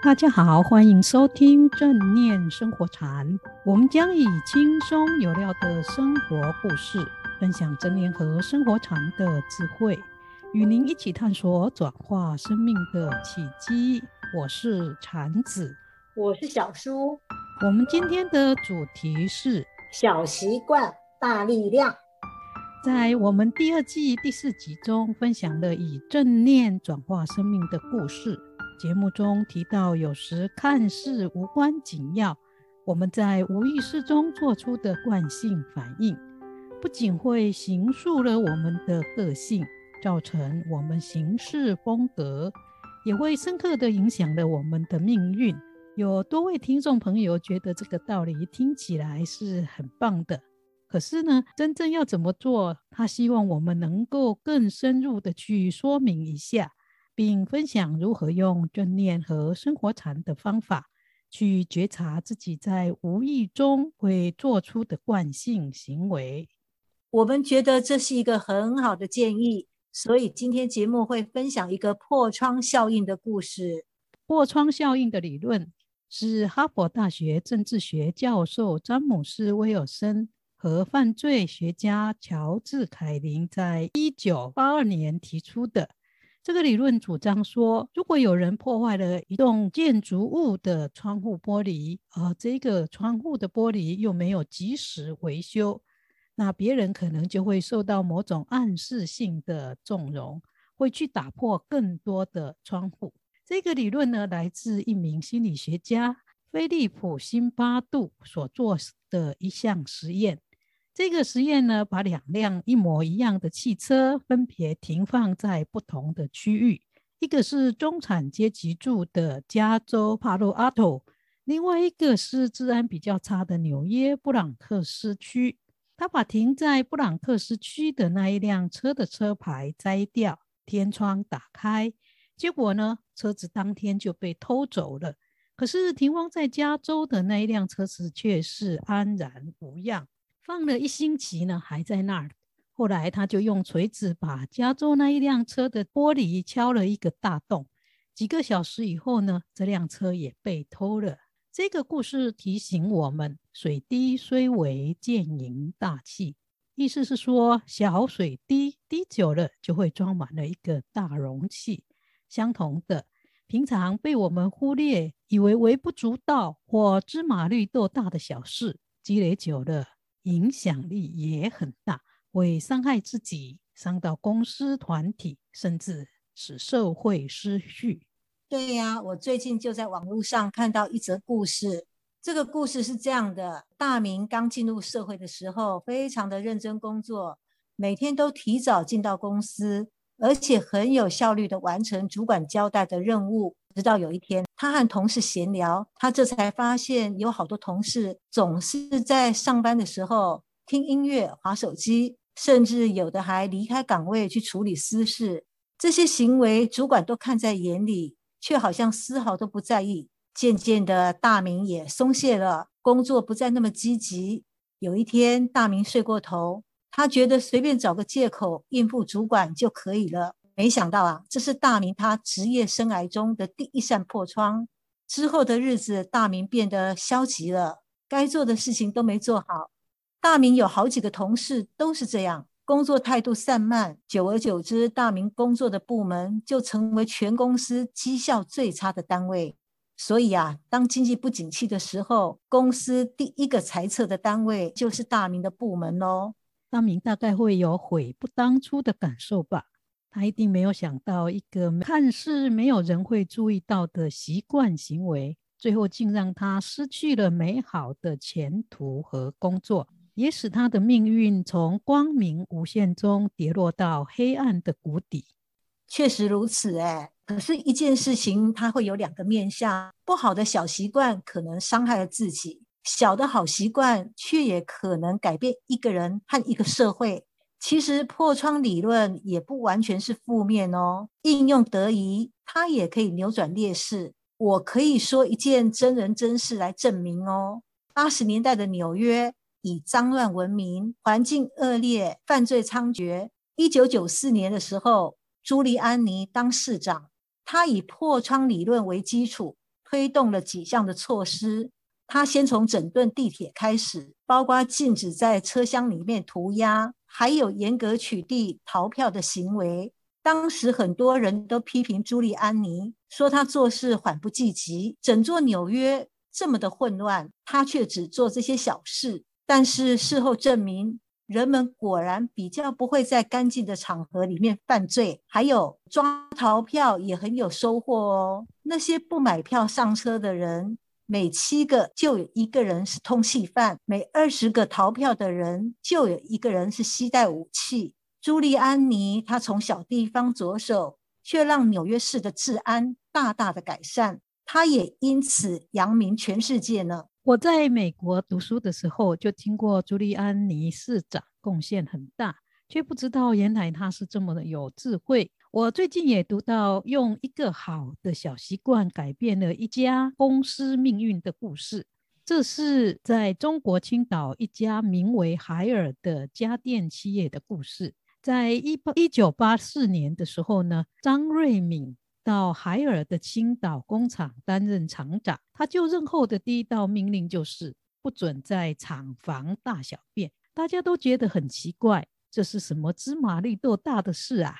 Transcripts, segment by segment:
大家好，歡迎收聽正念生活禪。我們將以輕鬆有料的生活故事，分享正念和生活禪的智慧，與您一起探索轉化生命的契機。我是禪子，我是小舒。我們今天的主題是小習慣大力量。在我們第二季第四集中分享了以正念轉化生命的故事。節目中提到，有時看似無關緊要，我們在無意識中做出的慣性反應，不僅會形塑了我們的個性，造成我們行事風格，也會深刻的影響了我們的命運。有多位聽眾朋友覺得這個道理聽起來是很棒的，可是呢，真正要怎麼做？他希望我們能夠更深入的去說明一下。並分享如何用正念和生活禪的方法去覺察自己在無意中會做出的慣性行為。我們覺得這是一個很好的建議，所以今天節目會分享一個破窗效應的故事。破窗效應的理論是哈佛大學政治學教授詹姆斯·威爾森和犯罪學家喬治·凱琳在一九八二年提出的。這個理論主張說，如果有人破壞了一棟建築物的窗戶玻璃，而、呃、這個窗戶的玻璃又沒有及時維修，那別人可能就會受到某種暗示性的縱容，會去打破更多的窗戶。這個理論呢，來自一名心理學家菲利普·辛巴杜所做的一項實驗。這個實驗呢，把兩輛一模一樣的汽車分別停放在不同的區域，一個是中產階級住的加州帕洛阿托，另外一個是治安比較差的紐約布朗克斯區。他把停在布朗克斯區的那一輛車的車牌摘掉，天窗打開，結果呢，車子當天就被偷走了。可是停放在加州的那一輛車子卻是安然無恙。放了一星期呢，還在那兒。後來他就用錘子把加州那一輛車的玻璃敲了一個大洞。幾個小時以後呢，這輛車也被偷了。這個故事提醒我們：“水滴雖微，漸盈大器。”意思是說，小水滴滴久了就會裝滿了一個大容器。相同的，平常被我們忽略，以為微不足道或芝麻綠豆大的小事，積累久了。影響力也很大，會傷害自己，傷到公司團體，甚至使社會失序。對呀、啊，我最近就在網絡上看到一則故事。這個故事是這樣的：大明剛進入社會的時候，非常的認真工作，每天都提早進到公司。而且很有效率地完成主管交代的任務。直到有一天，他和同事閒聊，他這才發現有好多同事總是在上班的時候聽音樂、滑手機，甚至有的還離開崗位去處理私事。這些行為，主管都看在眼裡，卻好像絲毫都不在意。漸漸的，大明也鬆懈了，工作不再那麼積極。有一天，大明睡過頭。他覺得隨便找個借口應付主管就可以了，沒想到啊，這是大明他職業生涯中的第一扇破窗。之後的日子，大明變得消極了，該做的事情都沒做好。大明有好幾個同事都是這樣，工作態度散漫。久而久之，大明工作的部門就成為全公司績效最差的單位。所以啊，當經濟不景氣的時候，公司第一個裁撤的單位就是大明的部門嘍、哦。大明大概會有悔不當初的感受吧，他一定沒有想到一個看似沒有人會注意到的習慣行為，最後竟讓他失去了美好的前途和工作，也使他的命運從光明無限中跌落到黑暗的谷底。確實如此，欸，誒，可是一件事情它會有兩個面向，不好的小習慣可能傷害了自己。小的好習慣，卻也可能改變一個人和一個社會。其實破窗理論也不完全是負面哦，應用得宜，它也可以扭轉劣勢。我可以說一件真人真事來證明哦。八十年代的紐約以髒亂聞名，環境惡劣，犯罪猖獗。一九九四年的時候，朱利安尼當市長，他以破窗理論為基礎，推動了幾項的措施。他先從整頓地鐵開始，包括禁止在車廂裡面塗鴉，還有嚴格取締逃票的行為。當時很多人都批評朱利安尼，說他做事緩不濟急。整座紐約這麼的混亂，他卻只做這些小事。但是事後證明，人們果然比較不會在乾淨的場合裡面犯罪，還有抓逃票也很有收穫哦。那些不買票上車的人，每七個就有一個人是通緝犯，每二十個逃票的人就有一個人是攜帶武器。朱利安尼他從小地方着手，卻讓紐約市的治安大大的改善，他也因此揚名全世界呢。我在美國讀書的時候就聽過朱利安尼市長貢獻很大，卻不知道原來他是這麼的有智慧。我最近也讀到用一個好的小習慣改變了一家公司命運的故事，這是在中國青島一家名為海爾的家電企業的故事。在一八一九八四年的時候呢，張瑞敏到海爾的青島工廠擔任廠長，他就任後的第一道命令就是不准在廠房大小便。大家都覺得很奇怪，這是什麼芝麻綠豆大的事啊？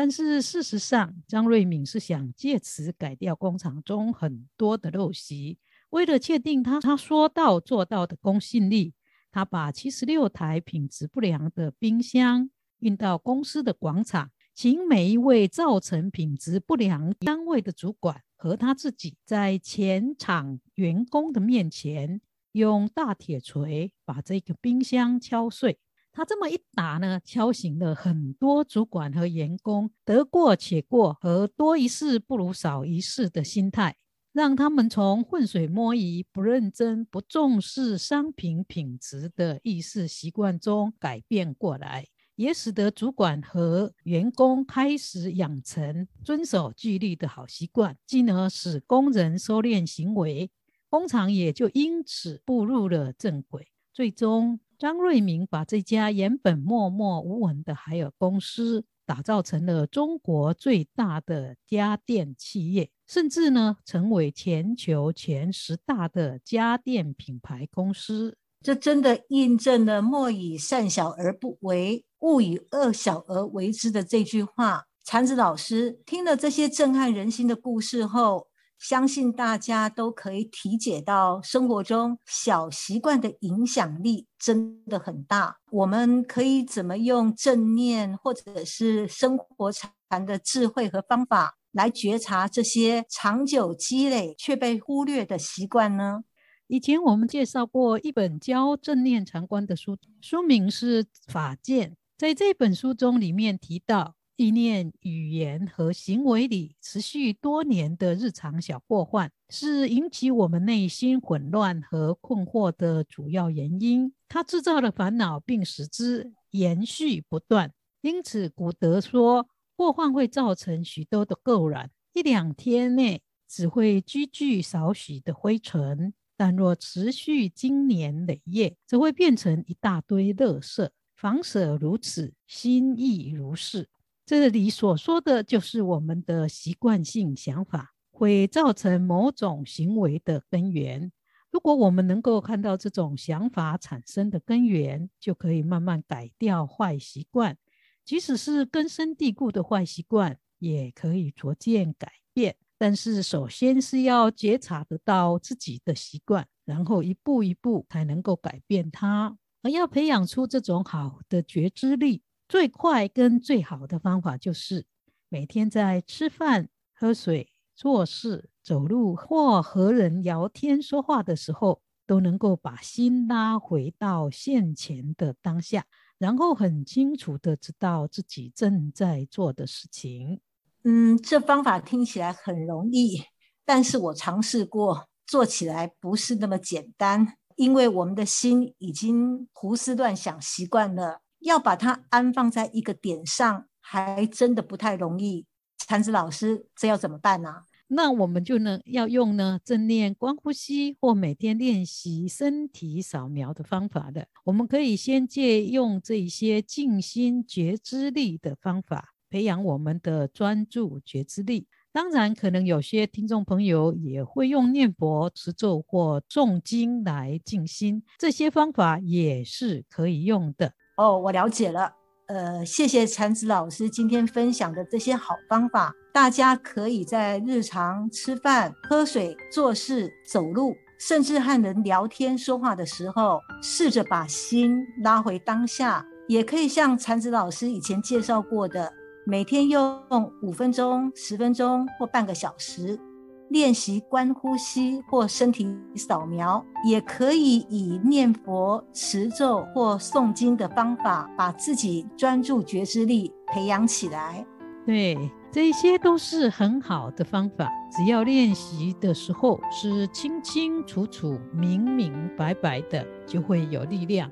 但是事實上，張瑞敏是想借此改掉工廠中很多的陋習。為了確定他他說到做到的公信力，他把七十六台品質不良的冰箱運到公司的廣場，請每一位造成品質不良單位的主管和他自己在前廠員工的面前，用大鐵錘把這個冰箱敲碎。他這麼一打呢，敲醒了很多主管和員工得過且過和多一事不如少一事的心態，讓他們從渾水摸魚、不認真、不重視商品品質的意識習慣中改變過來，也使得主管和員工開始養成遵守紀律的好習慣，進而使工人收斂行為，工廠也就因此步入了正軌，最終。張瑞敏把這家原本默默無聞的海爾公司打造成了中國最大的家電企業，甚至呢成為全球前十大的家電品牌公司。這真的印證了“莫以善小而不為，勿以惡小而為之”的這句話。常子老師聽了這些震撼人心的故事後，相信大家都可以體解到，生活中小習慣的影響力真的很大。我們可以怎麼用正念或者是生活禪的智慧和方法，來覺察這些長久積累卻被忽略的習慣呢？以前我們介紹過一本教正念禪觀的書，書名是《法界》。在這本書中裡面提到。意念、語言和行為裡持續多年的日常小過患，是引起我們內心混亂和困惑的主要原因。它製造了煩惱，並使之延續不斷。因此，古德說：“過患會造成許多的垢染，一兩天內只會積聚少許的灰塵，但若持續經年累月，則會變成一大堆垃圾。房舍如此，心意如是。”這裡所說的就是我們的習慣性想法會造成某種行為的根源。如果我們能夠看到這種想法產生的根源，就可以慢慢改掉壞習慣。即使是根深蒂固的壞習慣，也可以逐漸改變。但是，首先是要覺察得到自己的習慣，然後一步一步才能夠改變它。而要培養出這種好的覺知力。最快跟最好的方法就是，每天在吃飯、喝水、做事、走路或和人聊天說話的時候，都能夠把心拉回到現前的當下，然後很清楚的知道自己正在做的事情。嗯，這方法聽起來很容易，但是我嘗試過，做起來不是那麼簡單，因為我們的心已經胡思亂想習慣了。要把它安放在一個點上，還真的不太容易。禪子老師，這要怎麼辦呢、啊？那我們就能要用呢正念、觀呼吸，或每天練習身體掃描的方法的。我們可以先借用這一些靜心、覺知力的方法，培養我們的專注、覺知力。當然，可能有些聽眾朋友也會用念佛、持咒或誦經來靜心，這些方法也是可以用的。哦，我了解了。呃，謝謝禪子老師今天分享的這些好方法，大家可以在日常吃飯、喝水、做事、走路，甚至和人聊天說話的時候，試着把心拉回當下。也可以像禪子老師以前介紹過的，每天用五分鐘、十分鐘或半個小時。練習觀呼吸或身體掃描，也可以以念佛、持咒或誦經的方法，把自己專注覺知力培養起來。對，這些都是很好的方法，只要練習的時候是清清楚楚、明明白白的，就會有力量。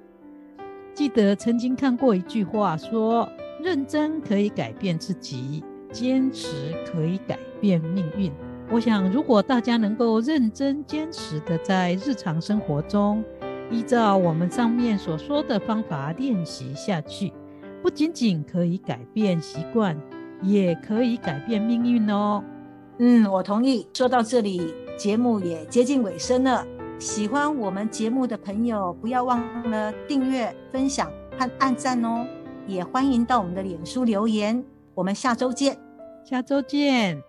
記得曾經看過一句話，說：“認真可以改變自己，堅持可以改變命運。”我想，如果大家能夠認真堅持的在日常生活中，依照我們上面所說的方法練習下去，不僅僅可以改變習慣，也可以改變命運哦。嗯，我同意。說到這裡，節目也接近尾聲了。喜歡我們節目的朋友，不要忘了訂閱、分享和按贊哦。也歡迎到我們的臉書留言。我們下周見，下周見。